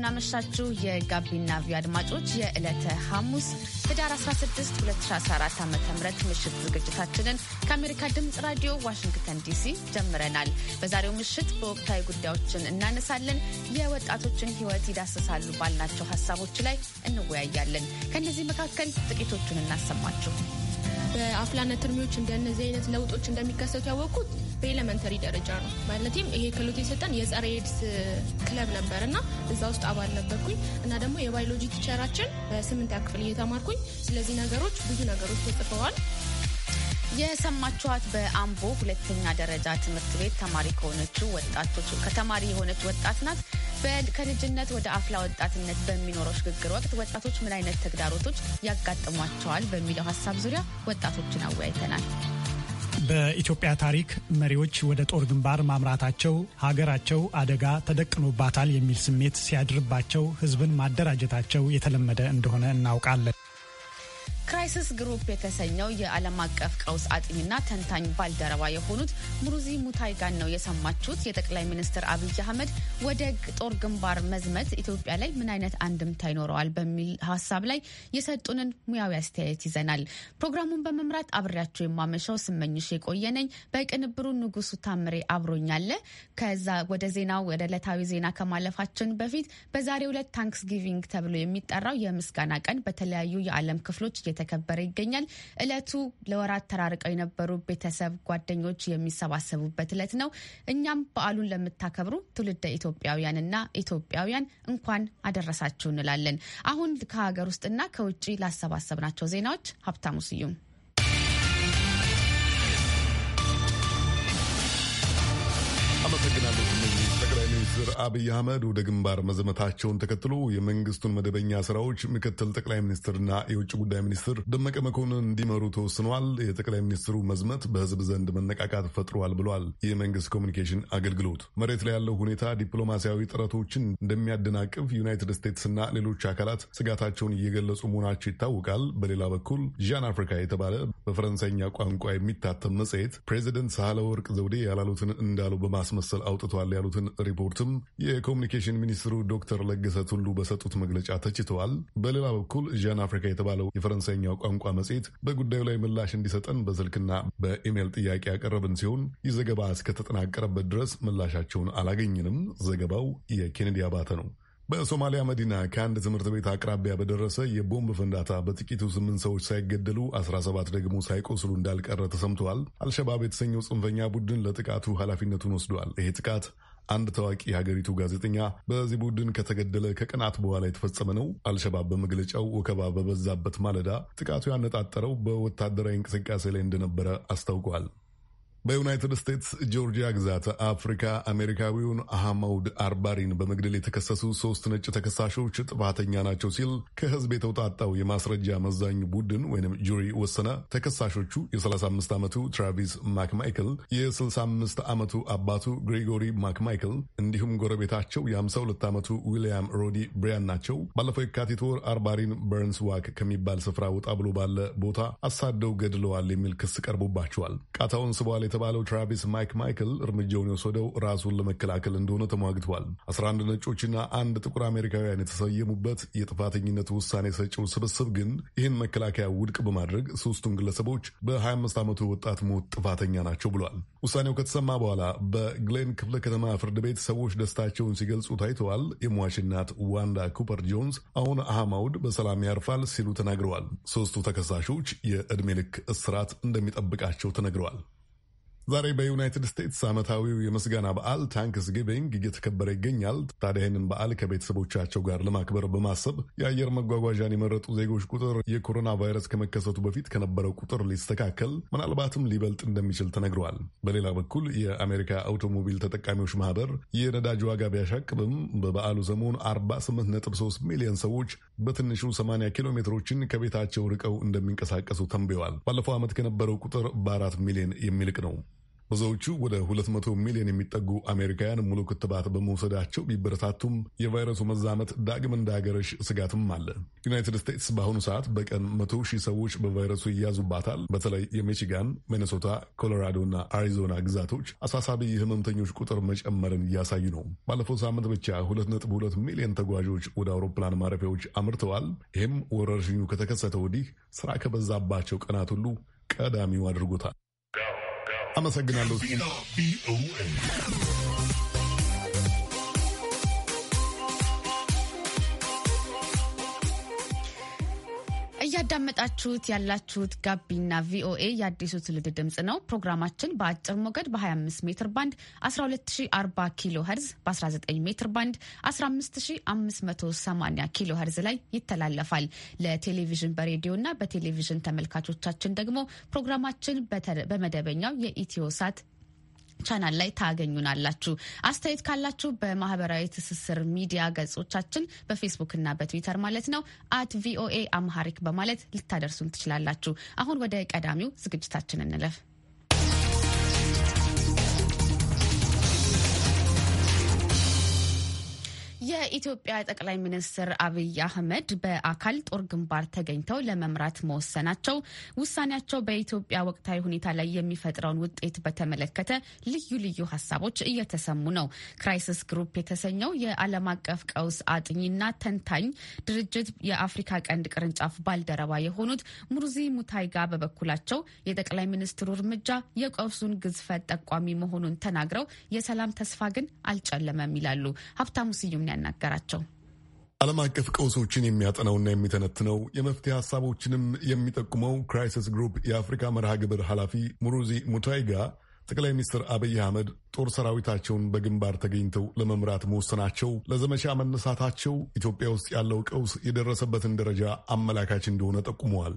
እንደምናመሻችሁ የጋቢና ቪ አድማጮች የዕለተ ሐሙስ ህዳር 16 2014 ዓ ም ምሽት ዝግጅታችንን ከአሜሪካ ድምፅ ራዲዮ ዋሽንግተን ዲሲ ጀምረናል። በዛሬው ምሽት በወቅታዊ ጉዳዮችን እናነሳለን፣ የወጣቶችን ህይወት ይዳስሳሉ ባልናቸው ሀሳቦች ላይ እንወያያለን። ከእነዚህ መካከል ጥቂቶቹን እናሰማችሁ። በአፍላነት እርሜዎች እንደነዚህ አይነት ለውጦች እንደሚከሰቱ ያወቅኩት በኤሌመንተሪ ደረጃ ነው። ማለትም ይሄ ክሎት የሰጠን የጸረ ኤድስ ክለብ ነበር እና እዛ ውስጥ አባል ነበርኩኝ እና ደግሞ የባዮሎጂ ቲቸራችን በስምንት ክፍል እየተማርኩኝ ስለዚህ ነገሮች ብዙ ነገሮች ተጽፈዋል። የሰማችኋት በአምቦ ሁለተኛ ደረጃ ትምህርት ቤት ተማሪ ከሆነችው ወጣቶች ከተማሪ የሆነች ወጣት ናት። ከልጅነት ወደ አፍላ ወጣትነት በሚኖረው ሽግግር ወቅት ወጣቶች ምን አይነት ተግዳሮቶች ያጋጥሟቸዋል በሚለው ሀሳብ ዙሪያ ወጣቶችን አወያይተናል። በኢትዮጵያ ታሪክ መሪዎች ወደ ጦር ግንባር ማምራታቸው ሀገራቸው አደጋ ተደቅኖባታል የሚል ስሜት ሲያድርባቸው ሕዝብን ማደራጀታቸው የተለመደ እንደሆነ እናውቃለን። ክራይሲስ ግሩፕ የተሰኘው የዓለም አቀፍ ቀውስ አጥኚና ተንታኝ ባልደረባ የሆኑት ሙሩዚ ሙታይጋን ነው የሰማችሁት። የጠቅላይ ሚኒስትር አብይ አህመድ ወደ ጦር ግንባር መዝመት ኢትዮጵያ ላይ ምን አይነት አንድምታ ይኖረዋል በሚል ሀሳብ ላይ የሰጡንን ሙያዊ አስተያየት ይዘናል። ፕሮግራሙን በመምራት አብሬያቸው የማመሻው ስመኝሽ የቆየነኝ፣ በቅንብሩ ንጉሱ ታምሬ አብሮኛለ። ከዛ ወደ ዜናው ወደ ዕለታዊ ዜና ከማለፋችን በፊት በዛሬው ዕለት ታንክስጊቪንግ ተብሎ የሚጠራው የምስጋና ቀን በተለያዩ የዓለም ክፍሎች እየተከበረ ይገኛል። እለቱ ለወራት ተራርቀው የነበሩ ቤተሰብ፣ ጓደኞች የሚሰባሰቡበት እለት ነው። እኛም በዓሉን ለምታከብሩ ትውልደ ኢትዮጵያውያንና ኢትዮጵያውያን እንኳን አደረሳችሁ እንላለን። አሁን ከሀገር ውስጥና ከውጭ ላሰባሰብናቸው ዜናዎች ሀብታሙ ስዩም ሚኒስትር አብይ አህመድ ወደ ግንባር መዘመታቸውን ተከትሎ የመንግስቱን መደበኛ ስራዎች ምክትል ጠቅላይ ሚኒስትርና የውጭ ጉዳይ ሚኒስትር ደመቀ መኮንን እንዲመሩ ተወስኗል። የጠቅላይ ሚኒስትሩ መዝመት በህዝብ ዘንድ መነቃቃት ፈጥሯል ብሏል የመንግስት ኮሚኒኬሽን አገልግሎት። መሬት ላይ ያለው ሁኔታ ዲፕሎማሲያዊ ጥረቶችን እንደሚያደናቅፍ ዩናይትድ ስቴትስና ሌሎች አካላት ስጋታቸውን እየገለጹ መሆናቸው ይታወቃል። በሌላ በኩል ዣን አፍሪካ የተባለ በፈረንሳይኛ ቋንቋ የሚታተም መጽሔት ፕሬዚደንት ወርቅ ዘውዴ ያላሉትን እንዳሉ በማስመሰል አውጥቷል ያሉትን ሪፖርትም ሲሉም የኮሚኒኬሽን ሚኒስትሩ ዶክተር ለገሰ ቱሉ በሰጡት መግለጫ ተችተዋል። በሌላ በኩል ዣን አፍሪካ የተባለው የፈረንሳይኛው ቋንቋ መጽሔት በጉዳዩ ላይ ምላሽ እንዲሰጠን በስልክና በኢሜይል ጥያቄ ያቀረብን ሲሆን ይህ ዘገባ እስከተጠናቀረበት ድረስ ምላሻቸውን አላገኝንም። ዘገባው የኬኔዲ አባተ ነው። በሶማሊያ መዲና ከአንድ ትምህርት ቤት አቅራቢያ በደረሰ የቦምብ ፍንዳታ በጥቂቱ ስምንት ሰዎች ሳይገደሉ 17 ደግሞ ሳይቆስሉ እንዳልቀረ ተሰምተዋል። አልሸባብ የተሰኘው ጽንፈኛ ቡድን ለጥቃቱ ኃላፊነቱን ወስዷል። ይሄ ጥቃት አንድ ታዋቂ የሀገሪቱ ጋዜጠኛ በዚህ ቡድን ከተገደለ ከቀናት በኋላ የተፈጸመ ነው። አልሸባብ በመግለጫው ወከባ በበዛበት ማለዳ ጥቃቱ ያነጣጠረው በወታደራዊ እንቅስቃሴ ላይ እንደነበረ አስታውቋል። በዩናይትድ ስቴትስ ጆርጂያ ግዛት አፍሪካ አሜሪካዊውን አህመውድ አርባሪን በመግደል የተከሰሱ ሶስት ነጭ ተከሳሾች ጥፋተኛ ናቸው ሲል ከህዝብ የተውጣጣው የማስረጃ መዛኝ ቡድን ወይም ጁሪ ወሰነ። ተከሳሾቹ የ35 ዓመቱ ትራቪስ ማክማይክል፣ የ65 ዓመቱ አባቱ ግሪጎሪ ማክማይክል እንዲሁም ጎረቤታቸው የ52 ዓመቱ ዊልያም ሮዲ ብሪያን ናቸው። ባለፈው የካቲት ወር አርባሪን በርንስ ዋክ ከሚባል ስፍራ ወጣ ብሎ ባለ ቦታ አሳደው ገድለዋል የሚል ክስ ቀርቦባቸዋል። ቃታውን ስበዋል የተባለው ትራቪስ ማይክ ማይክል እርምጃውን የወሰደው ራሱን ለመከላከል እንደሆነ ተሟግቷል። 11 ነጮችና አንድ ጥቁር አሜሪካውያን የተሰየሙበት የጥፋተኝነት ውሳኔ ሰጪው ስብስብ ግን ይህን መከላከያ ውድቅ በማድረግ ሶስቱን ግለሰቦች በ25 ዓመቱ ወጣት ሞት ጥፋተኛ ናቸው ብሏል። ውሳኔው ከተሰማ በኋላ በግሌን ክፍለ ከተማ ፍርድ ቤት ሰዎች ደስታቸውን ሲገልጹ ታይተዋል። የሟች እናት ዋንዳ ኩፐር ጆንስ አሁን አህማውድ በሰላም ያርፋል ሲሉ ተናግረዋል። ሶስቱ ተከሳሾች የዕድሜ ልክ እስራት እንደሚጠብቃቸው ተነግረዋል። ዛሬ በዩናይትድ ስቴትስ ዓመታዊው የምስጋና በዓል ታንክስ ጊቪንግ እየተከበረ ይገኛል። ታዲያ ይህንን በዓል ከቤተሰቦቻቸው ጋር ለማክበር በማሰብ የአየር መጓጓዣን የመረጡ ዜጎች ቁጥር የኮሮና ቫይረስ ከመከሰቱ በፊት ከነበረው ቁጥር ሊስተካከል ምናልባትም ሊበልጥ እንደሚችል ተነግረዋል። በሌላ በኩል የአሜሪካ አውቶሞቢል ተጠቃሚዎች ማህበር የነዳጅ ዋጋ ቢያሻቅብም በበዓሉ ሰሞን 48.3 ሚሊዮን ሰዎች በትንሹ 80 ኪሎ ሜትሮችን ከቤታቸው ርቀው እንደሚንቀሳቀሱ ተንብየዋል። ባለፈው ዓመት ከነበረው ቁጥር በአራት ሚሊዮን የሚልቅ ነው። ብዙዎቹ ወደ 200 ሚሊዮን የሚጠጉ አሜሪካውያን ሙሉ ክትባት በመውሰዳቸው ቢበረታቱም የቫይረሱ መዛመት ዳግም ሀገረሽ ስጋትም አለ። ዩናይትድ ስቴትስ በአሁኑ ሰዓት በቀን 100 ሺህ ሰዎች በቫይረሱ ይያዙባታል። በተለይ የሚቺጋን፣ ሚኔሶታ፣ ኮሎራዶ እና አሪዞና ግዛቶች አሳሳቢ የህመምተኞች ቁጥር መጨመርን እያሳዩ ነው። ባለፈው ሳምንት ብቻ 2.2 ሚሊዮን ተጓዦች ወደ አውሮፕላን ማረፊያዎች አምርተዋል። ይህም ወረርሽኙ ከተከሰተ ወዲህ ስራ ከበዛባቸው ቀናት ሁሉ ቀዳሚው አድርጎታል። አመሰግናለሁ። እያዳመጣችሁት ያላችሁት ጋቢና ቪኦኤ የአዲሱ ትውልድ ድምፅ ነው። ፕሮግራማችን በአጭር ሞገድ በ25 ሜትር ባንድ 12040 ኪሎ ኸርዝ፣ በ19 ሜትር ባንድ 15580 ኪሎ ኸርዝ ላይ ይተላለፋል። ለቴሌቪዥን እና በቴሌቪዥን ተመልካቾቻችን ደግሞ ፕሮግራማችን በመደበኛው የኢትዮ ሳት ቻናል ላይ ታገኙናላችሁ። አስተያየት ካላችሁ በማህበራዊ ትስስር ሚዲያ ገጾቻችን በፌስቡክ እና በትዊተር ማለት ነው አት ቪኦኤ አምሃሪክ በማለት ልታደርሱን ትችላላችሁ። አሁን ወደ ቀዳሚው ዝግጅታችን እንለፍ። የኢትዮጵያ ጠቅላይ ሚኒስትር አብይ አህመድ በአካል ጦር ግንባር ተገኝተው ለመምራት መወሰናቸው ውሳኔያቸው በኢትዮጵያ ወቅታዊ ሁኔታ ላይ የሚፈጥረውን ውጤት በተመለከተ ልዩ ልዩ ሀሳቦች እየተሰሙ ነው። ክራይሲስ ግሩፕ የተሰኘው የዓለም አቀፍ ቀውስ አጥኚና ተንታኝ ድርጅት የአፍሪካ ቀንድ ቅርንጫፍ ባልደረባ የሆኑት ሙርዚ ሙታይጋ በበኩላቸው የጠቅላይ ሚኒስትሩ እርምጃ የቀውሱን ግዝፈት ጠቋሚ መሆኑን ተናግረው የሰላም ተስፋ ግን አልጨለመም ይላሉ። ሀብታሙ ስዩም ያናገራቸው። ዓለም አቀፍ ቀውሶችን የሚያጠናውና የሚተነትነው የመፍትሄ ሀሳቦችንም የሚጠቁመው ክራይሲስ ግሩፕ የአፍሪካ መርሃ ግብር ኃላፊ ሙሩዚ ሙታይጋ ጠቅላይ ሚኒስትር አብይ አህመድ ጦር ሰራዊታቸውን በግንባር ተገኝተው ለመምራት መወሰናቸው ለዘመቻ መነሳታቸው ኢትዮጵያ ውስጥ ያለው ቀውስ የደረሰበትን ደረጃ አመላካች እንደሆነ ጠቁመዋል።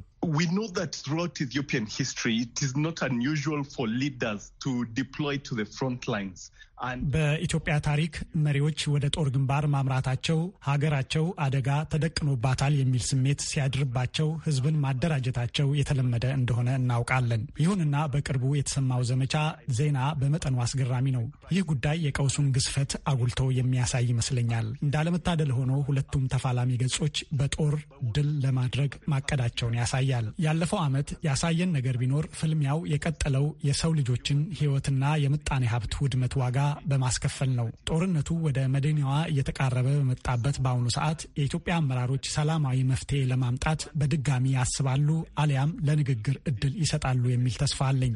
በኢትዮጵያ ታሪክ መሪዎች ወደ ጦር ግንባር ማምራታቸው ሀገራቸው አደጋ ተደቅኖባታል የሚል ስሜት ሲያድርባቸው ሕዝብን ማደራጀታቸው የተለመደ እንደሆነ እናውቃለን። ይሁንና በቅርቡ የተሰማው ዘመቻ ዜና በመጠኑ አስገራሚ አስገራሚ ነው። ይህ ጉዳይ የቀውሱን ግዝፈት አጉልቶ የሚያሳይ ይመስለኛል። እንዳለመታደል ሆኖ ሁለቱም ተፋላሚ ገጾች በጦር ድል ለማድረግ ማቀዳቸውን ያሳያል። ያለፈው ዓመት ያሳየን ነገር ቢኖር ፍልሚያው የቀጠለው የሰው ልጆችን ሕይወትና የምጣኔ ሀብት ውድመት ዋጋ በማስከፈል ነው። ጦርነቱ ወደ መዲናዋ እየተቃረበ በመጣበት በአሁኑ ሰዓት የኢትዮጵያ አመራሮች ሰላማዊ መፍትሄ ለማምጣት በድጋሚ ያስባሉ አሊያም ለንግግር እድል ይሰጣሉ የሚል ተስፋ አለኝ።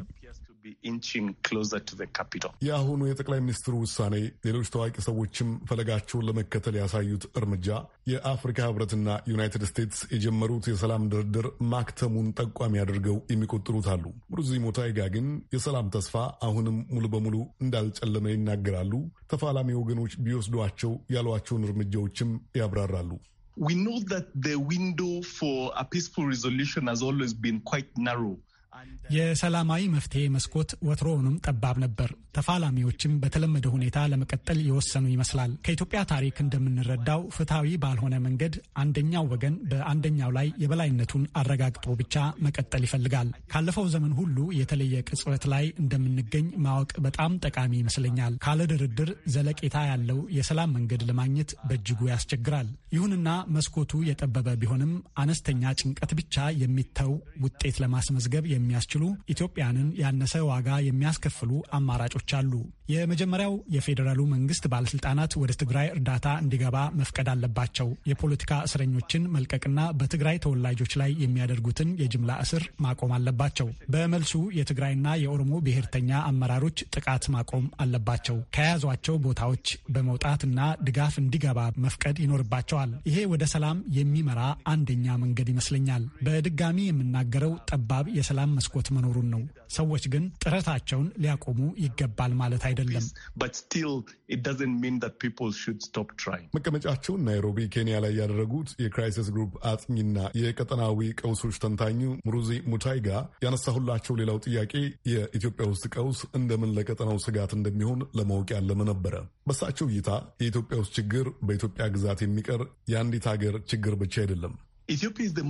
የአሁኑ የጠቅላይ ሚኒስትሩ ውሳኔ ሌሎች ታዋቂ ሰዎችም ፈለጋቸውን ለመከተል ያሳዩት እርምጃ የአፍሪካ ህብረትና ዩናይትድ ስቴትስ የጀመሩት የሰላም ድርድር ማክተሙን ጠቋሚ አድርገው የሚቆጥሩት አሉ። ብሩዚ ሞታይጋ ግን የሰላም ተስፋ አሁንም ሙሉ በሙሉ እንዳልጨለመ ይናገራሉ። ተፋላሚ ወገኖች ቢወስዷቸው ያሏቸውን እርምጃዎችም ያብራራሉ። We know that the window for a peaceful resolution has always been quite narrow. የሰላማዊ መፍትሄ መስኮት ወትሮውንም ጠባብ ነበር። ተፋላሚዎችም በተለመደ ሁኔታ ለመቀጠል የወሰኑ ይመስላል። ከኢትዮጵያ ታሪክ እንደምንረዳው ፍትሐዊ ባልሆነ መንገድ አንደኛው ወገን በአንደኛው ላይ የበላይነቱን አረጋግጦ ብቻ መቀጠል ይፈልጋል። ካለፈው ዘመን ሁሉ የተለየ ቅጽበት ላይ እንደምንገኝ ማወቅ በጣም ጠቃሚ ይመስለኛል። ካለ ድርድር ዘለቄታ ያለው የሰላም መንገድ ለማግኘት በእጅጉ ያስቸግራል። ይሁንና መስኮቱ የጠበበ ቢሆንም አነስተኛ ጭንቀት ብቻ የሚተው ውጤት ለማስመዝገብ የሚ የሚያስችሉ ኢትዮጵያንን ያነሰ ዋጋ የሚያስከፍሉ አማራጮች አሉ። የመጀመሪያው የፌዴራሉ መንግስት ባለስልጣናት ወደ ትግራይ እርዳታ እንዲገባ መፍቀድ አለባቸው። የፖለቲካ እስረኞችን መልቀቅና በትግራይ ተወላጆች ላይ የሚያደርጉትን የጅምላ እስር ማቆም አለባቸው። በመልሱ የትግራይና የኦሮሞ ብሔርተኛ አመራሮች ጥቃት ማቆም አለባቸው። ከያዟቸው ቦታዎች በመውጣትና ድጋፍ እንዲገባ መፍቀድ ይኖርባቸዋል። ይሄ ወደ ሰላም የሚመራ አንደኛ መንገድ ይመስለኛል። በድጋሚ የምናገረው ጠባብ የሰላም መስኮት መኖሩን ነው። ሰዎች ግን ጥረታቸውን ሊያቆሙ ይገባል ማለት አይደለም። መቀመጫቸውን ናይሮቢ ኬንያ ላይ ያደረጉት የክራይሲስ ግሩፕ አጥኚና የቀጠናዊ ቀውሶች ተንታኙ ሙሩዚ ሙታይጋ ያነሳሁላቸው ሌላው ጥያቄ የኢትዮጵያ ውስጥ ቀውስ እንደምን ለቀጠናው ስጋት እንደሚሆን ለማወቅ ያለመ ነበረ። በሳቸው እይታ የኢትዮጵያ ውስጥ ችግር በኢትዮጵያ ግዛት የሚቀር የአንዲት ሀገር ችግር ብቻ አይደለም። ኢትዮጵያ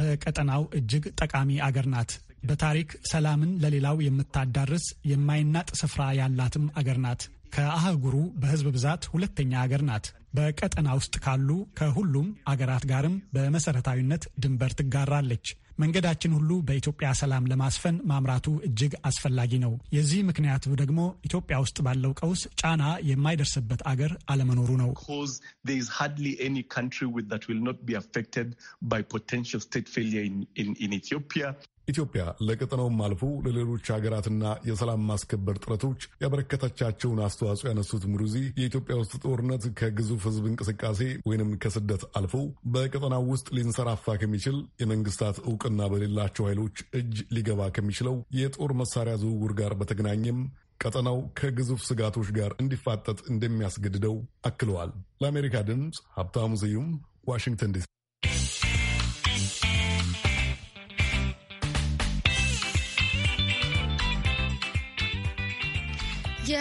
በቀጠናው እጅግ ጠቃሚ አገር ናት። በታሪክ ሰላምን ለሌላው የምታዳርስ የማይናጥ ስፍራ ያላትም አገር ናት። ከአህጉሩ በህዝብ ብዛት ሁለተኛ አገር ናት። በቀጠና ውስጥ ካሉ ከሁሉም አገራት ጋርም በመሰረታዊነት ድንበር ትጋራለች። መንገዳችን ሁሉ በኢትዮጵያ ሰላም ለማስፈን ማምራቱ እጅግ አስፈላጊ ነው። የዚህ ምክንያቱ ደግሞ ኢትዮጵያ ውስጥ ባለው ቀውስ ጫና የማይደርስበት አገር አለመኖሩ ነው። ኢትዮጵያ ለቀጠናውም አልፎ ለሌሎች ሀገራትና የሰላም ማስከበር ጥረቶች ያበረከታቻቸውን አስተዋጽኦ ያነሱት ሙሩዚ የኢትዮጵያ ውስጥ ጦርነት ከግዙፍ ሕዝብ እንቅስቃሴ ወይንም ከስደት አልፎ በቀጠናው ውስጥ ሊንሰራፋ ከሚችል የመንግስታት እውቅና በሌላቸው ኃይሎች እጅ ሊገባ ከሚችለው የጦር መሳሪያ ዝውውር ጋር በተገናኘም ቀጠናው ከግዙፍ ስጋቶች ጋር እንዲፋጠጥ እንደሚያስገድደው አክለዋል። ለአሜሪካ ድምፅ ሀብታሙ ስዩም ዋሽንግተን ዲሲ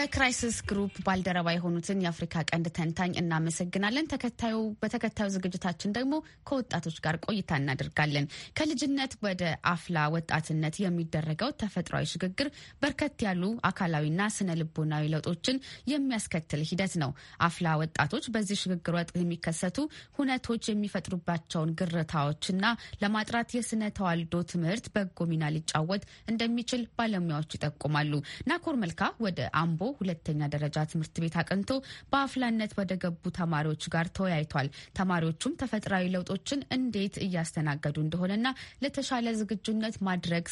የክራይሲስ ግሩፕ ባልደረባ የሆኑትን የአፍሪካ ቀንድ ተንታኝ እናመሰግናለን። ተከታዩ በተከታዩ ዝግጅታችን ደግሞ ከወጣቶች ጋር ቆይታ እናደርጋለን። ከልጅነት ወደ አፍላ ወጣትነት የሚደረገው ተፈጥሯዊ ሽግግር በርከት ያሉ አካላዊና ስነ ልቦናዊ ለውጦችን የሚያስከትል ሂደት ነው። አፍላ ወጣቶች በዚህ ሽግግር ወቅት የሚከሰቱ ሁነቶች የሚፈጥሩባቸውን ግርታዎችና ለማጥራት የስነ ተዋልዶ ትምህርት በጎ ሚና ሊጫወት እንደሚችል ባለሙያዎች ይጠቁማሉ። ናኮር መልካ ወደ አምቦ ሁለተኛ ደረጃ ትምህርት ቤት አቅንቶ በአፍላነት ወደ ገቡ ተማሪዎች ጋር ተወያይቷል። ተማሪዎቹም ተፈጥሯዊ ለውጦችን እንዴት እያስተናገዱ እንደሆነና ለተሻለ ዝግጁነት ማድረግ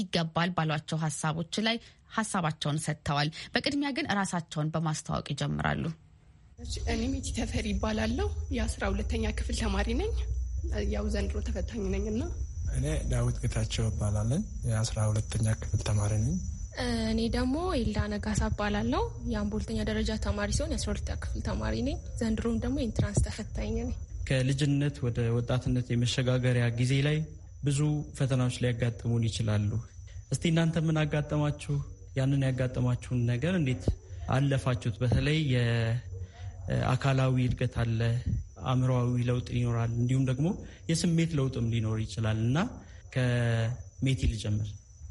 ይገባል ባሏቸው ሀሳቦች ላይ ሀሳባቸውን ሰጥተዋል። በቅድሚያ ግን ራሳቸውን በማስተዋወቅ ይጀምራሉ። እኔ ሚቲ ተፈሪ ይባላለሁ። የአስራ ሁለተኛ ክፍል ተማሪ ነኝ። ያው ዘንድሮ ተፈታኝ ነኝ እና እኔ ዳዊት ጌታቸው ይባላለን። የአስራ ሁለተኛ ክፍል ተማሪ ነኝ። እኔ ደግሞ ኤልዳ ነጋሳ እባላለሁ። የአምቦ ሁለተኛ ደረጃ ተማሪ ሲሆን የአስራ ሁለተኛ ክፍል ተማሪ ነኝ። ዘንድሮም ደግሞ ኢንትራንስ ተፈታኝ ነኝ። ከልጅነት ወደ ወጣትነት የመሸጋገሪያ ጊዜ ላይ ብዙ ፈተናዎች ሊያጋጥሙን ይችላሉ። እስቲ እናንተ ምን አጋጠማችሁ? ያንን ያጋጠማችሁን ነገር እንዴት አለፋችሁት? በተለይ የአካላዊ እድገት አለ፣ አእምሮዊ ለውጥ ይኖራል፣ እንዲሁም ደግሞ የስሜት ለውጥም ሊኖር ይችላል እና ከሜቲ ልጀምር።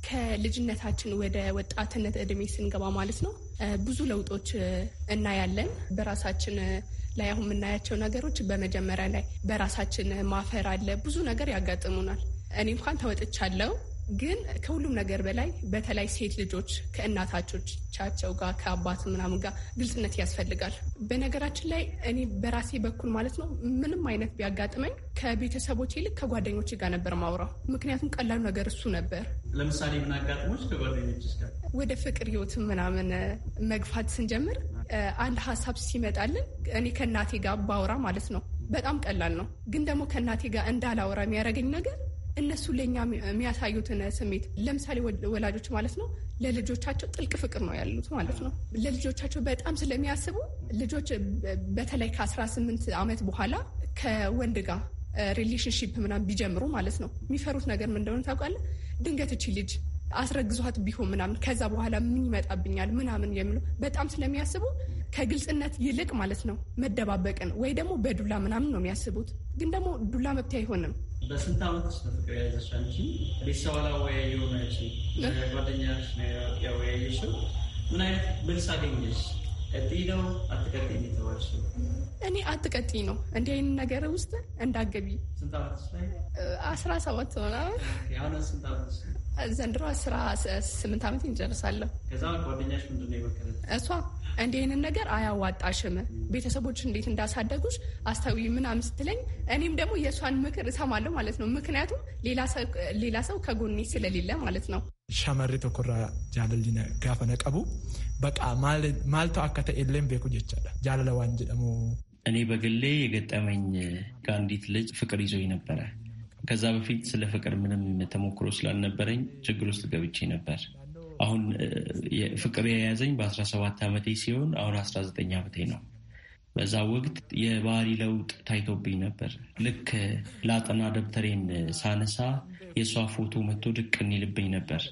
ከልጅነታችን ወደ ወጣትነት እድሜ ስንገባ ማለት ነው ብዙ ለውጦች እናያለን። በራሳችን ላይ አሁን የምናያቸው ነገሮች በመጀመሪያ ላይ በራሳችን ማፈር አለ። ብዙ ነገር ያጋጥሙናል። እኔ እንኳን ተወጥቻለሁ ግን ከሁሉም ነገር በላይ በተለይ ሴት ልጆች ከእናታቻቸው ጋር ከአባት ምናምን ጋር ግልጽነት ያስፈልጋል። በነገራችን ላይ እኔ በራሴ በኩል ማለት ነው ምንም አይነት ቢያጋጥመኝ ከቤተሰቦች ይልቅ ከጓደኞች ጋር ነበር ማውራው። ምክንያቱም ቀላሉ ነገር እሱ ነበር። ለምሳሌ ምን አጋጥሞች ከጓደኞች ጋር ወደ ፍቅር ህይወት ምናምን መግፋት ስንጀምር አንድ ሀሳብ ሲመጣልን እኔ ከእናቴ ጋር ባውራ ማለት ነው በጣም ቀላል ነው። ግን ደግሞ ከእናቴ ጋር እንዳላውራ የሚያደርገኝ ነገር እነሱ ለእኛ የሚያሳዩትን ስሜት ለምሳሌ ወላጆች ማለት ነው ለልጆቻቸው ጥልቅ ፍቅር ነው ያሉት ማለት ነው። ለልጆቻቸው በጣም ስለሚያስቡ ልጆች በተለይ ከ18 ዓመት በኋላ ከወንድ ጋር ሪሌሽንሽፕ ምናምን ቢጀምሩ ማለት ነው የሚፈሩት ነገር ምን እንደሆነ ታውቃለህ? ድንገት እቺ ልጅ አስረግዟት ቢሆን ምናምን ከዛ በኋላ ምን ይመጣብኛል ምናምን የሚለው በጣም ስለሚያስቡ ከግልጽነት ይልቅ ማለት ነው መደባበቅን ወይ ደግሞ በዱላ ምናምን ነው የሚያስቡት። ግን ደግሞ ዱላ መብት አይሆንም። በስንት ዓመት ውስጥ ነው ፍቅር የያዘሽ አንቺ? ቤተሰብ አላወያየው ነች ጓደኛሽ ያወያየሽው ምን አይነት መልስ አገኘሽ? እኔ አትቀጥይ ነው እንዲህ አይነት ነገር ውስጥ እንዳገቢ አስራ ሰባት ምናምን ዘንድሮ አስራ ስምንት ዓመት እንጨርሳለሁ። እሷ እንዲህ አይነት ነገር አያዋጣሽም፣ ቤተሰቦች እንዴት እንዳሳደጉሽ አስታዊ ምናምን ስትለኝ እኔም ደግሞ የእሷን ምክር እሰማለሁ ማለት ነው። ምክንያቱም ሌላ ሰው ከጎኔ ስለሌለ ማለት ነው። shamarree tokkorraa jaalalli gaafa naqabu በቃ ማልቶ አከተ የለም ቤኩ ጀቻለ ጃለለ ዋን ጀደሙ እኔ በግሌ የገጠመኝ ከአንዲት ልጅ ፍቅር ይዞኝ ነበረ። ከዛ በፊት ስለ ፍቅር ምንም ተሞክሮ ስላልነበረኝ ችግር ውስጥ ገብቼ ነበር። አሁን ፍቅር የያዘኝ በ17 ዓመቴ ሲሆን አሁን 19 ዓመቴ ነው። በዛ ወቅት የባህሪ ለውጥ ታይቶብኝ ነበር። ልክ ላጠና ደብተሬን ሳነሳ የእሷ ፎቶ መጥቶ ድቅ ይልብኝ ነበር።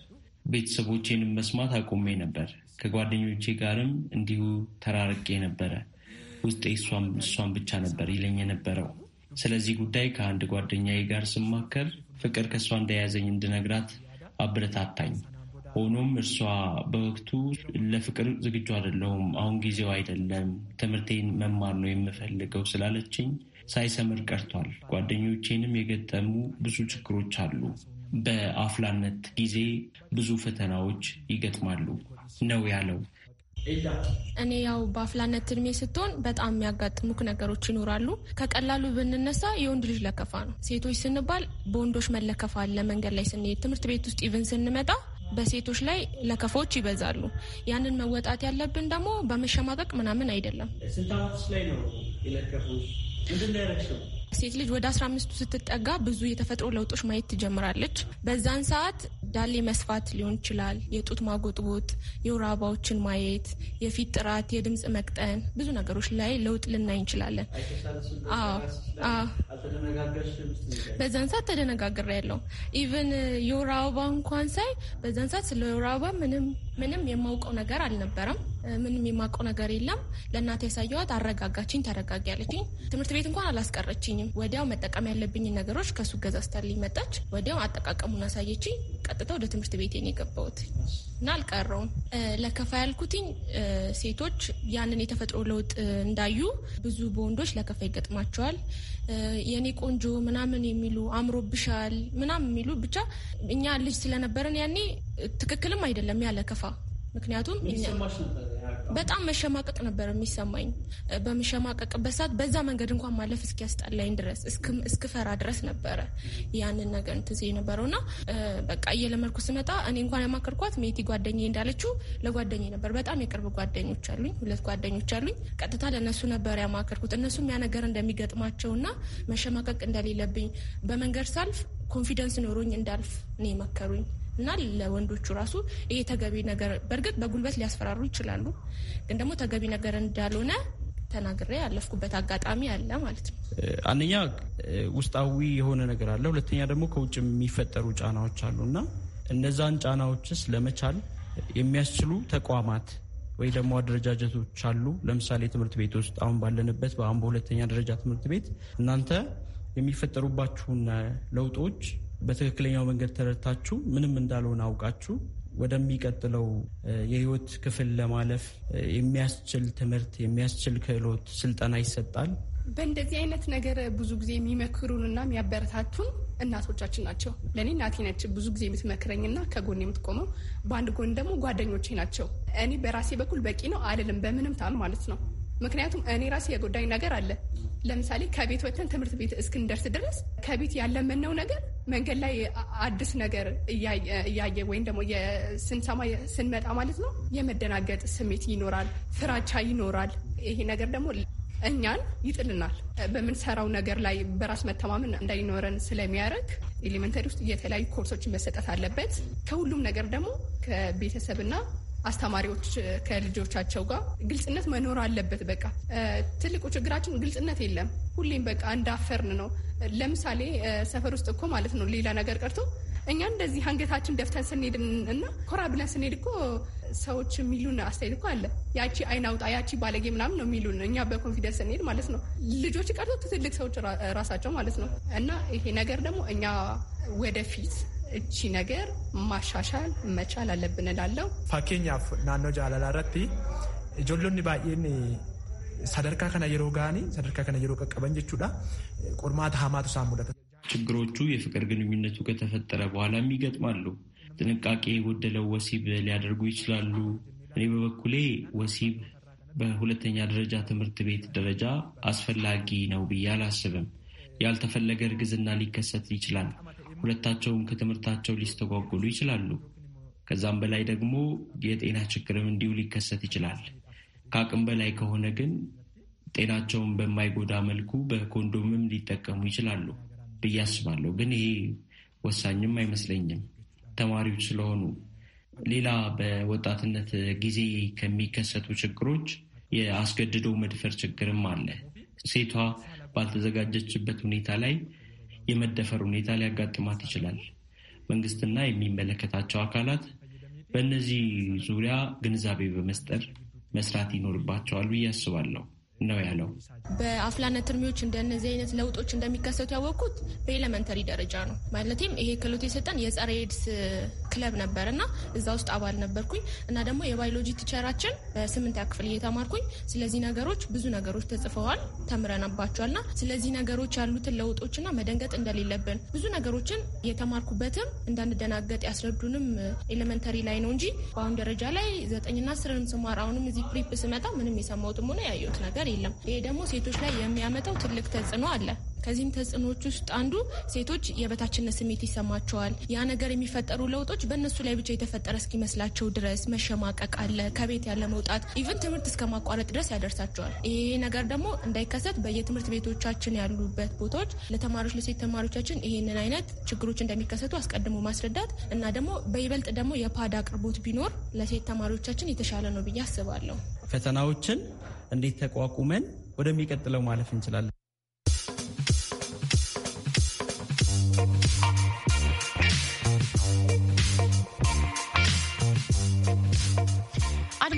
ቤተሰቦቼንም መስማት አቁሜ ነበር። ከጓደኞቼ ጋርም እንዲሁ ተራርቄ ነበረ። ውስጤ እሷም እሷም ብቻ ነበር ይለኝ የነበረው። ስለዚህ ጉዳይ ከአንድ ጓደኛዬ ጋር ስማከር ፍቅር ከእሷ እንደያዘኝ እንድነግራት አበረታታኝ። ሆኖም እርሷ በወቅቱ ለፍቅር ዝግጁ አይደለሁም፣ አሁን ጊዜው አይደለም፣ ትምህርቴን መማር ነው የምፈልገው ስላለችኝ ሳይሰምር ቀርቷል። ጓደኞቼንም የገጠሙ ብዙ ችግሮች አሉ። በአፍላነት ጊዜ ብዙ ፈተናዎች ይገጥማሉ ነው ያለው። እኔ ያው በአፍላነት እድሜ ስትሆን በጣም የሚያጋጥሙክ ነገሮች ይኖራሉ። ከቀላሉ ብንነሳ የወንድ ልጅ ለከፋ ነው። ሴቶች ስንባል በወንዶች መለከፋ አለ። መንገድ ላይ ስንሄድ፣ ትምህርት ቤት ውስጥ ኢቭን ስንመጣ በሴቶች ላይ ለከፋዎች ይበዛሉ። ያንን መወጣት ያለብን ደግሞ በመሸማቀቅ ምናምን አይደለም። ስንት ዓመትሽ ላይ ነው የለከፉ? ምንድን ነው ያደረግሽው? ሴት ልጅ ወደ 15ቱ ስትጠጋ ብዙ የተፈጥሮ ለውጦች ማየት ትጀምራለች። በዛን ሰዓት ዳሌ መስፋት ሊሆን ይችላል፣ የጡት ማጎጥጎጥ፣ የወር አበባዎችን ማየት፣ የፊት ጥራት፣ የድምፅ መቅጠን፣ ብዙ ነገሮች ላይ ለውጥ ልናይ እንችላለን። በዛን ሰዓት ተደነጋግሬ ያለው ኢቨን የወር አበባ እንኳን ሳይ በዛን ሰዓት ስለ የወር አበባ ምንም ምንም የማውቀው ነገር አልነበረም። ምንም የማውቀው ነገር የለም። ለእናት ያሳየዋት አረጋጋችኝ፣ ተረጋጊ ያለችኝ። ትምህርት ቤት እንኳን አላስቀረችኝም። ወዲያው መጠቀም ያለብኝ ነገሮች ከሱ ስታል መጣች። ወዲያው አጠቃቀሙን አሳየችኝ። ቀጥታ ወደ ትምህርት ቤት የገባሁት እና አልቀረውም። ለከፋ ያልኩትኝ ሴቶች ያንን የተፈጥሮ ለውጥ እንዳዩ ብዙ በወንዶች ለከፋ ይገጥማቸዋል። የኔ ቆንጆ ምናምን የሚሉ አምሮብሻል ምናምን የሚሉ ብቻ እኛ ልጅ ስለነበረን ያኔ ትክክልም አይደለም ያለ ከፋ ምክንያቱም በጣም መሸማቀቅ ነበር የሚሰማኝ። በመሸማቀቅበት ሰዓት በዛ መንገድ እንኳን ማለፍ እስኪያስጠላኝ ድረስ እስክፈራ ድረስ ነበረ ያንን ነገር እንትዜ የነበረው እና በቃ እየለመድኩ ስመጣ እኔ እንኳን ያማከርኳት ሜቲ ጓደኛ እንዳለችው ለጓደኛ ነበር። በጣም የቅርብ ጓደኞች አሉኝ፣ ሁለት ጓደኞች አሉኝ። ቀጥታ ለእነሱ ነበር ያማከርኩት። እነሱም ያ ነገር እንደሚገጥማቸውና መሸማቀቅ እንደሌለብኝ በመንገድ ሳልፍ ኮንፊደንስ ኖሮኝ እንዳልፍ እኔ መከሩኝ። እና ለወንዶቹ ራሱ ይሄ ተገቢ ነገር በእርግጥ በጉልበት ሊያስፈራሩ ይችላሉ፣ ግን ደግሞ ተገቢ ነገር እንዳልሆነ ተናግሬ ያለፍኩበት አጋጣሚ አለ ማለት ነው። አንደኛ ውስጣዊ የሆነ ነገር አለ፣ ሁለተኛ ደግሞ ከውጭ የሚፈጠሩ ጫናዎች አሉ እና እነዛን ጫናዎችስ ለመቻል የሚያስችሉ ተቋማት ወይ ደግሞ አደረጃጀቶች አሉ። ለምሳሌ ትምህርት ቤት ውስጥ አሁን ባለንበት በአምቦ ሁለተኛ ደረጃ ትምህርት ቤት እናንተ የሚፈጠሩባችሁን ለውጦች በትክክለኛው መንገድ ተረድታችሁ ምንም እንዳልሆነ አውቃችሁ ወደሚቀጥለው የህይወት ክፍል ለማለፍ የሚያስችል ትምህርት፣ የሚያስችል ክህሎት ስልጠና ይሰጣል። በእንደዚህ አይነት ነገር ብዙ ጊዜ የሚመክሩን እና የሚያበረታቱን እናቶቻችን ናቸው። ለእኔ እናቴ ነች ብዙ ጊዜ የምትመክረኝ እና ከጎን የምትቆመው፣ በአንድ ጎን ደግሞ ጓደኞቼ ናቸው። እኔ በራሴ በኩል በቂ ነው አልልም፣ በምንም ታም ማለት ነው። ምክንያቱም እኔ ራሴ የጎዳኝ ነገር አለ። ለምሳሌ ከቤት ወጥተን ትምህርት ቤት እስክንደርስ ድረስ ከቤት ያለመነው ነገር መንገድ ላይ አዲስ ነገር እያየ ወይም ደግሞ ስንሰማ ስንመጣ ማለት ነው የመደናገጥ ስሜት ይኖራል፣ ፍራቻ ይኖራል። ይሄ ነገር ደግሞ እኛን ይጥልናል። በምንሰራው ነገር ላይ በራስ መተማመን እንዳይኖረን ስለሚያደርግ ኤሌመንተሪ ውስጥ የተለያዩ ኮርሶችን መሰጠት አለበት። ከሁሉም ነገር ደግሞ ከቤተሰብና አስተማሪዎች ከልጆቻቸው ጋር ግልጽነት መኖር አለበት። በቃ ትልቁ ችግራችን ግልጽነት የለም። ሁሌም በቃ እንዳፈርን ነው። ለምሳሌ ሰፈር ውስጥ እኮ ማለት ነው ሌላ ነገር ቀርቶ እኛ እንደዚህ አንገታችን ደፍተን ስንሄድ እና ኮራ ብለን ስንሄድ እኮ ሰዎች የሚሉን አስተያየት እኮ አለ። ያቺ አውጣ፣ ያቺ ባለጌ ምናምን ነው የሚሉን እኛ በኮንፊደንስ ስንሄድ ማለት ነው። ልጆች ቀርቶ ትልቅ ሰዎች ራሳቸው ማለት ነው። እና ይሄ ነገር ደግሞ እኛ ወደፊት እቺ ነገር ማሻሻል መቻል አለብን እላለሁ። ፋኬኛፍ ናኖ ጃላላ ረቲ ጆሎኒ ባኤን ሳደርካ ከነ የሮ ጋኒ ሳደርካ ከነ የሮ ቀቀበን ጀቹዳ ቁርማት ሀማቱ ሳሙለት ችግሮቹ የፍቅር ግንኙነቱ ከተፈጠረ በኋላም ይገጥማሉ። ጥንቃቄ የጎደለው ወሲብ ሊያደርጉ ይችላሉ። እኔ በበኩሌ ወሲብ በሁለተኛ ደረጃ ትምህርት ቤት ደረጃ አስፈላጊ ነው ብዬ አላስብም። ያልተፈለገ እርግዝና ሊከሰት ይችላል። ሁለታቸውም ከትምህርታቸው ሊስተጓጎሉ ይችላሉ። ከዛም በላይ ደግሞ የጤና ችግርም እንዲሁ ሊከሰት ይችላል። ከአቅም በላይ ከሆነ ግን ጤናቸውን በማይጎዳ መልኩ በኮንዶምም ሊጠቀሙ ይችላሉ ብዬ አስባለሁ። ግን ይሄ ወሳኝም አይመስለኝም ተማሪዎች ስለሆኑ። ሌላ በወጣትነት ጊዜ ከሚከሰቱ ችግሮች የአስገድዶ መድፈር ችግርም አለ። ሴቷ ባልተዘጋጀችበት ሁኔታ ላይ የመደፈር ሁኔታ ሊያጋጥማት ይችላል። መንግስትና የሚመለከታቸው አካላት በእነዚህ ዙሪያ ግንዛቤ በመስጠር መስራት ይኖርባቸዋል ብዬ አስባለሁ ነው ያለው። በአፍላነት እርሜዎች እንደነዚህ አይነት ለውጦች እንደሚከሰቱ ያወቅኩት በኤሌመንተሪ ደረጃ ነው። ማለትም ይሄ ክሎት የሰጠን የጸረ ኤድስ ክለብ ነበር እና እዛ ውስጥ አባል ነበርኩኝ እና ደግሞ የባዮሎጂ ቲቸራችን በስምንት ክፍል እየተማርኩኝ ስለዚህ ነገሮች ብዙ ነገሮች ተጽፈዋል፣ ተምረንባቸዋል ና ስለዚህ ነገሮች ያሉትን ለውጦችና መደንገጥ እንደሌለብን ብዙ ነገሮችን የተማርኩበትም እንዳንደናገጥ ያስረዱንም ኤሌመንተሪ ላይ ነው እንጂ በአሁን ደረጃ ላይ ዘጠኝና አስርንም ስማር አሁንም እዚህ ፕሪፕ ስመጣ ምንም የሰማሁትም ሆነ ያየሁት ነገር የለም። ይሄ ደግሞ ሴቶች ላይ የሚያመጣው ትልቅ ተጽዕኖ አለ። ከዚህም ተጽዕኖዎች ውስጥ አንዱ ሴቶች የበታችነት ስሜት ይሰማቸዋል። ያ ነገር የሚፈጠሩ ለውጦች በእነሱ ላይ ብቻ የተፈጠረ እስኪመስላቸው ድረስ መሸማቀቅ አለ። ከቤት ያለ መውጣት ኢቨን ትምህርት እስከ ማቋረጥ ድረስ ያደርሳቸዋል። ይሄ ነገር ደግሞ እንዳይከሰት በየትምህርት ቤቶቻችን ያሉበት ቦታዎች ለተማሪዎች ለሴት ተማሪዎቻችን ይሄንን አይነት ችግሮች እንደሚከሰቱ አስቀድሞ ማስረዳት እና ደግሞ በይበልጥ ደግሞ የፓድ አቅርቦት ቢኖር ለሴት ተማሪዎቻችን የተሻለ ነው ብዬ አስባለሁ። ፈተናዎችን እንዴት ተቋቁመን ወደሚቀጥለው ማለፍ እንችላለን?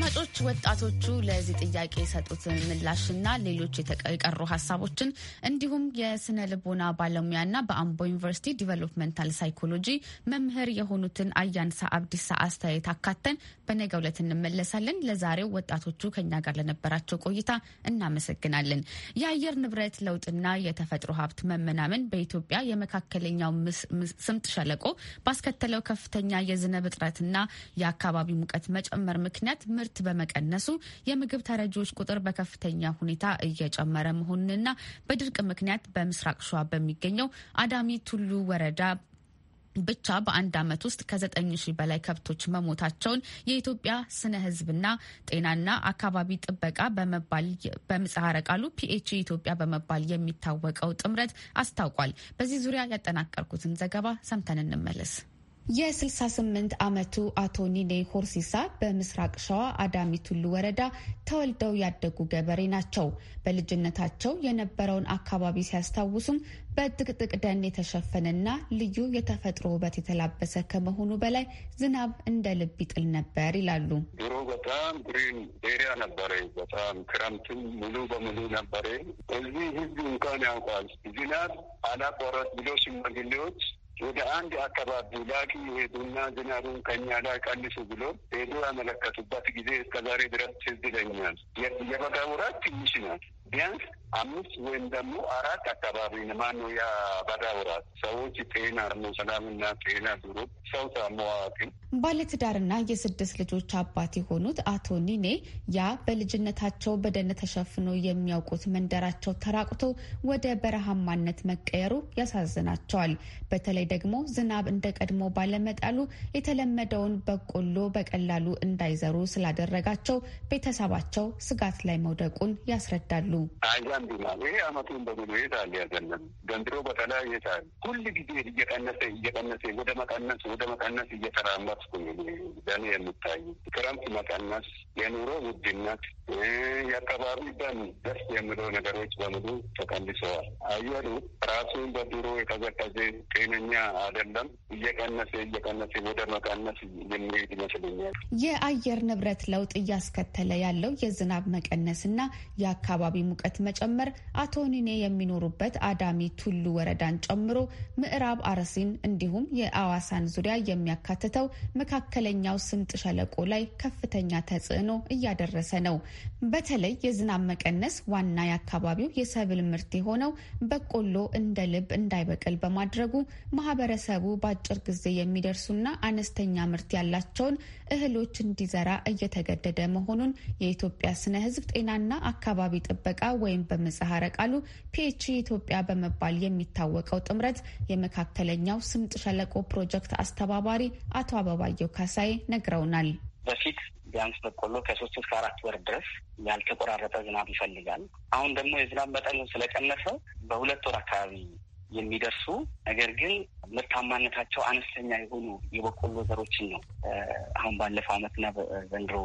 አድማጮች ወጣቶቹ ለዚህ ጥያቄ የሰጡትን ምላሽና ሌሎች የቀሩ ሀሳቦችን እንዲሁም የስነ ልቦና ባለሙያና በአምቦ ዩኒቨርሲቲ ዲቨሎፕመንታል ሳይኮሎጂ መምህር የሆኑትን አያንሳ አብዲሳ አስተያየት አካተን በነገው ዕለት እንመለሳለን። ለዛሬው ወጣቶቹ ከኛ ጋር ለነበራቸው ቆይታ እናመሰግናለን። የአየር ንብረት ለውጥና የተፈጥሮ ሀብት መመናመን በኢትዮጵያ የመካከለኛው ስምጥ ሸለቆ ባስከተለው ከፍተኛ የዝናብ እጥረትና የአካባቢ ሙቀት መጨመር ምክንያት ምርት በመቀነሱ የምግብ ተረጂዎች ቁጥር በከፍተኛ ሁኔታ እየጨመረ መሆኑንና በድርቅ ምክንያት በምስራቅ ሸዋ በሚገኘው አዳሚ ቱሉ ወረዳ ብቻ በአንድ ዓመት ውስጥ ከዘጠኝ ሺህ በላይ ከብቶች መሞታቸውን የኢትዮጵያ ስነ ሕዝብና ጤናና አካባቢ ጥበቃ በመባል በምጽሐረ ቃሉ ፒኤች ኢትዮጵያ በመባል የሚታወቀው ጥምረት አስታውቋል። በዚህ ዙሪያ ያጠናቀርኩትን ዘገባ ሰምተን እንመለስ። የ68 ዓመቱ አቶ ኒኔ ሆርሲሳ በምስራቅ ሸዋ አዳሚ ቱሉ ወረዳ ተወልደው ያደጉ ገበሬ ናቸው። በልጅነታቸው የነበረውን አካባቢ ሲያስታውሱም በጥቅጥቅ ደን የተሸፈነና ልዩ የተፈጥሮ ውበት የተላበሰ ከመሆኑ በላይ ዝናብ እንደ ልብ ይጥል ነበር ይላሉ። ድሮ በጣም ግሪን ኤሪያ ነበረ። በጣም ክረምትም ሙሉ በሙሉ ነበረ። እዚህ ህዝብ እንኳን ያውቋል። ዝናብ አላቋረጥ ብሎ ሽማግሌዎች ወደ አንድ አካባቢ ላኪ የሄዱና ዝናቡን ከኛ ላይ ቀንሱ ብሎ ሄዱ ያመለከቱበት ጊዜ እስከዛሬ ድረስ ትዝ ይለኛል። የበጋ ወራት ትንሽ ናት። ቢያንስ አምስት ወይም ደግሞ አራት አካባቢ ማነው ያ ሰዎች ጤና ነው ሰላምና ጤና ዱሮ ሰው ሳመዋቂ ባለትዳርና የስድስት ልጆች አባት የሆኑት አቶ ኒኔ ያ በልጅነታቸው በደን ተሸፍኖ የሚያውቁት መንደራቸው ተራቁቶ ወደ በረሃማነት መቀየሩ ያሳዝናቸዋል። በተለይ ደግሞ ዝናብ እንደ ቀድሞ ባለመጣሉ የተለመደውን በቆሎ በቀላሉ እንዳይዘሩ ስላደረጋቸው ቤተሰባቸው ስጋት ላይ መውደቁን ያስረዳሉ። አያንዱናል ይሄ አመቱን በሙሉ የታል ያገለም ዘንድሮ በተለያየ ይሄዳል። ሁል ጊዜ እየቀነሰ እየቀነሰ ወደ መቀነስ ወደ መቀነስ እየተራመድኩ ለእኔ የሚታይ ክረምት መቀነስ፣ የኑሮ ውድነት፣ የአካባቢ ደን ደስ የምለው ነገሮች በሙሉ ተቀንሰዋል። አየሩ ራሱን በድሮ የቀዘቀዘ ጤነኛ አይደለም። እየቀነሰ እየቀነሰ ወደ መቀነስ የሚሄድ ይመስለኛል። የአየር ንብረት ለውጥ እያስከተለ ያለው የዝናብ መቀነስና የአካባቢ ሙቀት መጨመር አቶ ኒኔ የሚኖሩበት አዳሚ ቱሉ ወረዳን ጨምሮ ምዕራብ አርሲን እንዲሁም የአዋሳን ዙሪያ የሚያካትተው መካከለኛው ስምጥ ሸለቆ ላይ ከፍተኛ ተጽዕኖ እያደረሰ ነው። በተለይ የዝናብ መቀነስ ዋና የአካባቢው የሰብል ምርት የሆነው በቆሎ እንደ ልብ እንዳይበቅል በማድረጉ ማህበረሰቡ በአጭር ጊዜ የሚደርሱና አነስተኛ ምርት ያላቸውን እህሎች እንዲዘራ እየተገደደ መሆኑን የኢትዮጵያ ስነ ህዝብ ጤናና አካባቢ ጥበቃ ወይም በምህጻረ ቃሉ ፒች ኢትዮጵያ በመባል የሚታወቀው ጥምረት የመካከለኛው ስምጥ ሸለቆ ፕሮጀክት አስተባባሪ አቶ አበባየው ካሳይ ነግረውናል። በፊት ቢያንስ በቆሎ ከሶስት እስከ አራት ወር ድረስ ያልተቆራረጠ ዝናብ ይፈልጋል። አሁን ደግሞ የዝናብ መጠኑ ስለቀነሰ በሁለት ወር አካባቢ የሚደርሱ ነገር ግን ምርታማነታቸው አነስተኛ የሆኑ የበቆሎ ዘሮችን ነው አሁን ባለፈው ዓመትና ዘንድሮ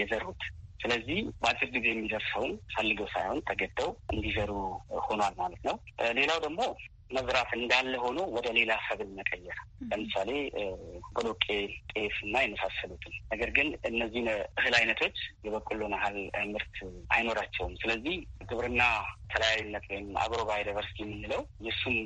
የዘሩት። ስለዚህ በአጭር ጊዜ የሚደርሰውን ፈልገው ሳይሆን ተገደው እንዲዘሩ ሆኗል ማለት ነው። ሌላው ደግሞ መዝራት እንዳለ ሆኖ ወደ ሌላ ሰብል መቀየር ለምሳሌ ቦሎቄ፣ ጤፍ እና የመሳሰሉትን። ነገር ግን እነዚህን እህል አይነቶች የበቆሎን ያህል ምርት አይኖራቸውም። ስለዚህ ግብርና ተለያዩነት ወይም አግሮ ባዮዳይቨርሲቲ የምንለው የሱም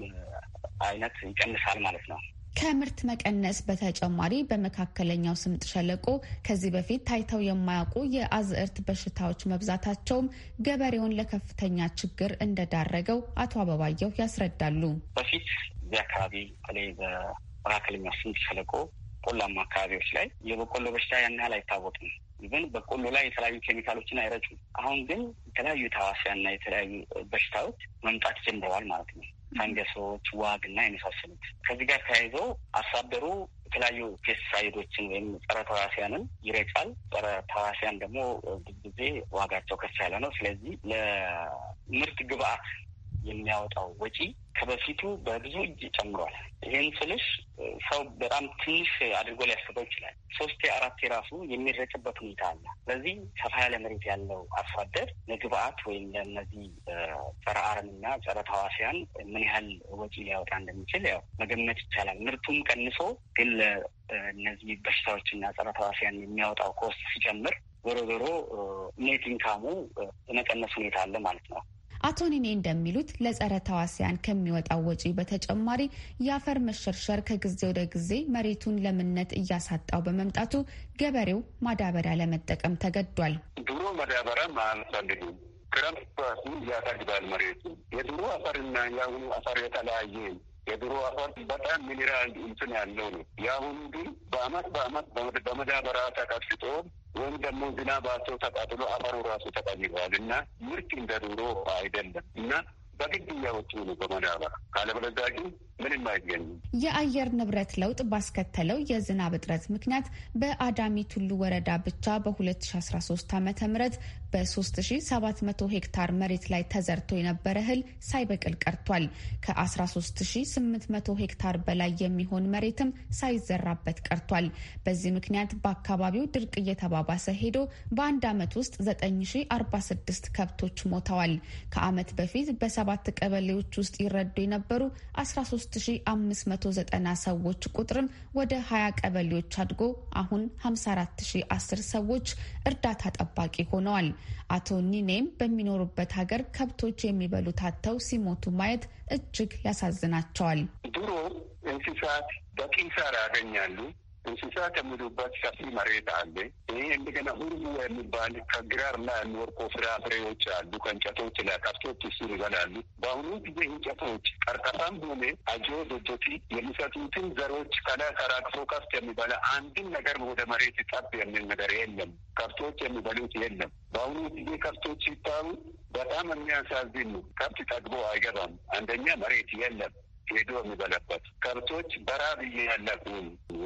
አይነት ይቀንሳል ማለት ነው። ከምርት መቀነስ በተጨማሪ በመካከለኛው ስምጥ ሸለቆ ከዚህ በፊት ታይተው የማያውቁ የአዝእርት በሽታዎች መብዛታቸውም ገበሬውን ለከፍተኛ ችግር እንደዳረገው አቶ አበባየው ያስረዳሉ። በፊት እዚህ አካባቢ በተለይ በመካከለኛው ስምጥ ሸለቆ ቆላማ አካባቢዎች ላይ የበቆሎ በሽታ ያን ያህል አይታወቅም። ግን በቆሎ ላይ የተለያዩ ኬሚካሎችን አይረጩም። አሁን ግን የተለያዩ ተዋሲያና የተለያዩ በሽታዎች መምጣት ጀምረዋል ማለት ነው። አንገሶች፣ ዋግ እና የመሳሰሉት ከዚህ ጋር ተያይዘው አሳደሩ የተለያዩ ፔስቲሳይዶችን ወይም ጸረ ተዋሲያንን ይረጫል። ጸረ ተዋሲያን ደግሞ ብዙ ጊዜ ዋጋቸው ከፍ ያለ ነው። ስለዚህ ለምርት ግብአት የሚያወጣው ወጪ ከበፊቱ በብዙ እጅ ጨምሯል። ይህን ስልሽ ሰው በጣም ትንሽ አድርጎ ሊያስበው ይችላል። ሶስት አራት የራሱ የሚረጭበት ሁኔታ አለ። ስለዚህ ሰፋ ያለ መሬት ያለው አርሶ አደር ለግብአት ወይም ለእነዚህ ጸረ አረምና ጸረ ተዋሲያን ምን ያህል ወጪ ሊያወጣ እንደሚችል ያው መገመት ይቻላል። ምርቱም ቀንሶ ግን ለእነዚህ በሽታዎችና ጸረ ተዋሲያን የሚያወጣው ኮስት ሲጨምር ዞሮ ዞሮ ኔት ኢንካሙ የመቀነስ ሁኔታ አለ ማለት ነው። አቶ ኒኔ እንደሚሉት ለጸረ ታዋሲያን ከሚወጣው ወጪ በተጨማሪ የአፈር መሸርሸር ከጊዜ ወደ ጊዜ መሬቱን ለምነት እያሳጣው በመምጣቱ ገበሬው ማዳበሪያ ለመጠቀም ተገዷል። ድሮ ማዳበሪያ አልፈልግም ክረምት እያሳድባል መሬቱ የድሮ አፈርና የአሁኑ አፈር የተለያየ የድሮ አፈር በጣም ሚኒራል እንትን ያለው ነው። የአሁኑ ግን በአመት በአመት በመዳበራ ተቀፍጦ ወይም ደግሞ ዝናባቸው ተቃጥሎ አፈሩ ራሱ ተቀይሯል እና ምርት እንደ ድሮ አይደለም እና በግድ እያወጡ ነው ካለበለዚያ ግን ምንም አይገኝም። የአየር ንብረት ለውጥ ባስከተለው የዝናብ እጥረት ምክንያት በአዳሚ ቱሉ ወረዳ ብቻ በ2013 ዓ ም በ3700 ሄክታር መሬት ላይ ተዘርቶ የነበረ እህል ሳይበቅል ቀርቷል። ከ13800 ሄክታር በላይ የሚሆን መሬትም ሳይዘራበት ቀርቷል። በዚህ ምክንያት በአካባቢው ድርቅ እየተባባሰ ሄዶ በአንድ ዓመት ውስጥ 9046 ከብቶች ሞተዋል። ከዓመት በፊት በሰባት ቀበሌዎች ውስጥ ይረዱ የነበሩ 13590 ሰዎች ቁጥርም ወደ 20 ቀበሌዎች አድጎ አሁን 54010 ሰዎች እርዳታ ጠባቂ ሆነዋል። አቶ ኒኔም በሚኖሩበት ሀገር ከብቶች የሚበሉ ታተው ሲሞቱ ማየት እጅግ ያሳዝናቸዋል። ድሮ እንስሳት በቂንሳር ያገኛሉ እንስሳ ከሚሉበት ሰፊ መሬት አለ። ይህ እንደገና ሁርሙ የሚባል ከግራር ከግራርና የሚወርቆ ፍራፍሬዎች አሉ። ከእንጨቶች ላይ ከብቶች እሱን ይበላሉ። በአሁኑ ጊዜ እንጨቶች ቀርቀፋም ሆነ አጆ ዶጆቲ የሚሰጡትን ዘሮች ከላይ ተራግፎ ከብት የሚበላ አንድም ነገር ወደ መሬት ጠብ የሚል ነገር የለም። ከብቶች የሚበሉት የለም። በአሁኑ ጊዜ ከብቶች ሲታሩ በጣም የሚያሳዝን ነው። ከብት ጠግቦ አይገባም። አንደኛ መሬት የለም። ሄዶ የሚበላበት ከብቶች በራብ እያለቁ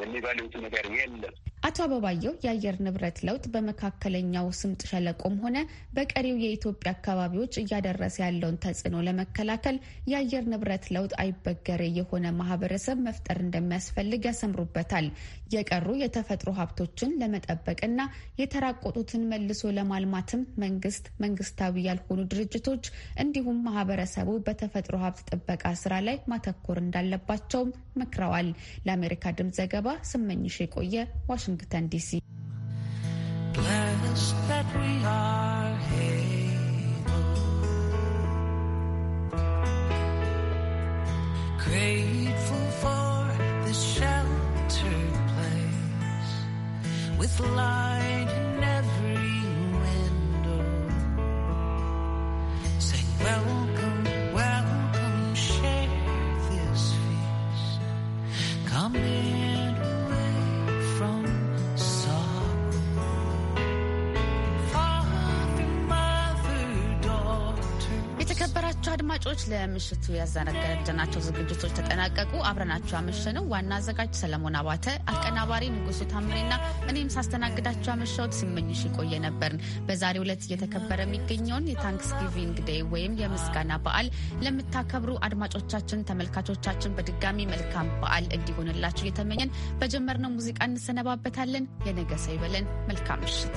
የሚበሉት ነገር የለም። አቶ አበባየው የአየር ንብረት ለውጥ በመካከለኛው ስምጥ ሸለቆም ሆነ በቀሪው የኢትዮጵያ አካባቢዎች እያደረሰ ያለውን ተጽዕኖ ለመከላከል የአየር ንብረት ለውጥ አይበገሬ የሆነ ማህበረሰብ መፍጠር እንደሚያስፈልግ ያሰምሩበታል። የቀሩ የተፈጥሮ ሀብቶችን ለመጠበቅና የተራቆጡትን መልሶ ለማልማትም መንግስት፣ መንግስታዊ ያልሆኑ ድርጅቶች እንዲሁም ማህበረሰቡ በተፈጥሮ ሀብት ጥበቃ ስራ ላይ ማተኮር እንዳለባቸውም መክረዋል። ለአሜሪካ ድምጽ ዘገባ ስመኝሽ የቆየ ዋሽንግተን ዋሽንግተን ዲሲ። Grateful for this sheltered place with light in every window. Say welcome, welcome, share this feast. Come in. አድማጮች ለምሽቱ ያዘጋጀናቸው ዝግጅቶች ተጠናቀቁ። አብረናችሁ ያመሸነው ዋና አዘጋጅ ሰለሞን አባተ፣ አቀናባሪ ንጉሱ ታምሬና እኔም ሳስተናግዳችሁ ያመሸሁት ስመኝሽ ቆየ ነበርን። በዛሬው ዕለት እየተከበረ የሚገኘውን የታንክስጊቪንግ ዴይ ወይም የምስጋና በዓል ለምታከብሩ አድማጮቻችን፣ ተመልካቾቻችን በድጋሚ መልካም በዓል እንዲሆንላችሁ እየተመኘን በጀመርነው ሙዚቃ እንሰነባበታለን። የነገ ሰው ይበለን። መልካም ምሽት።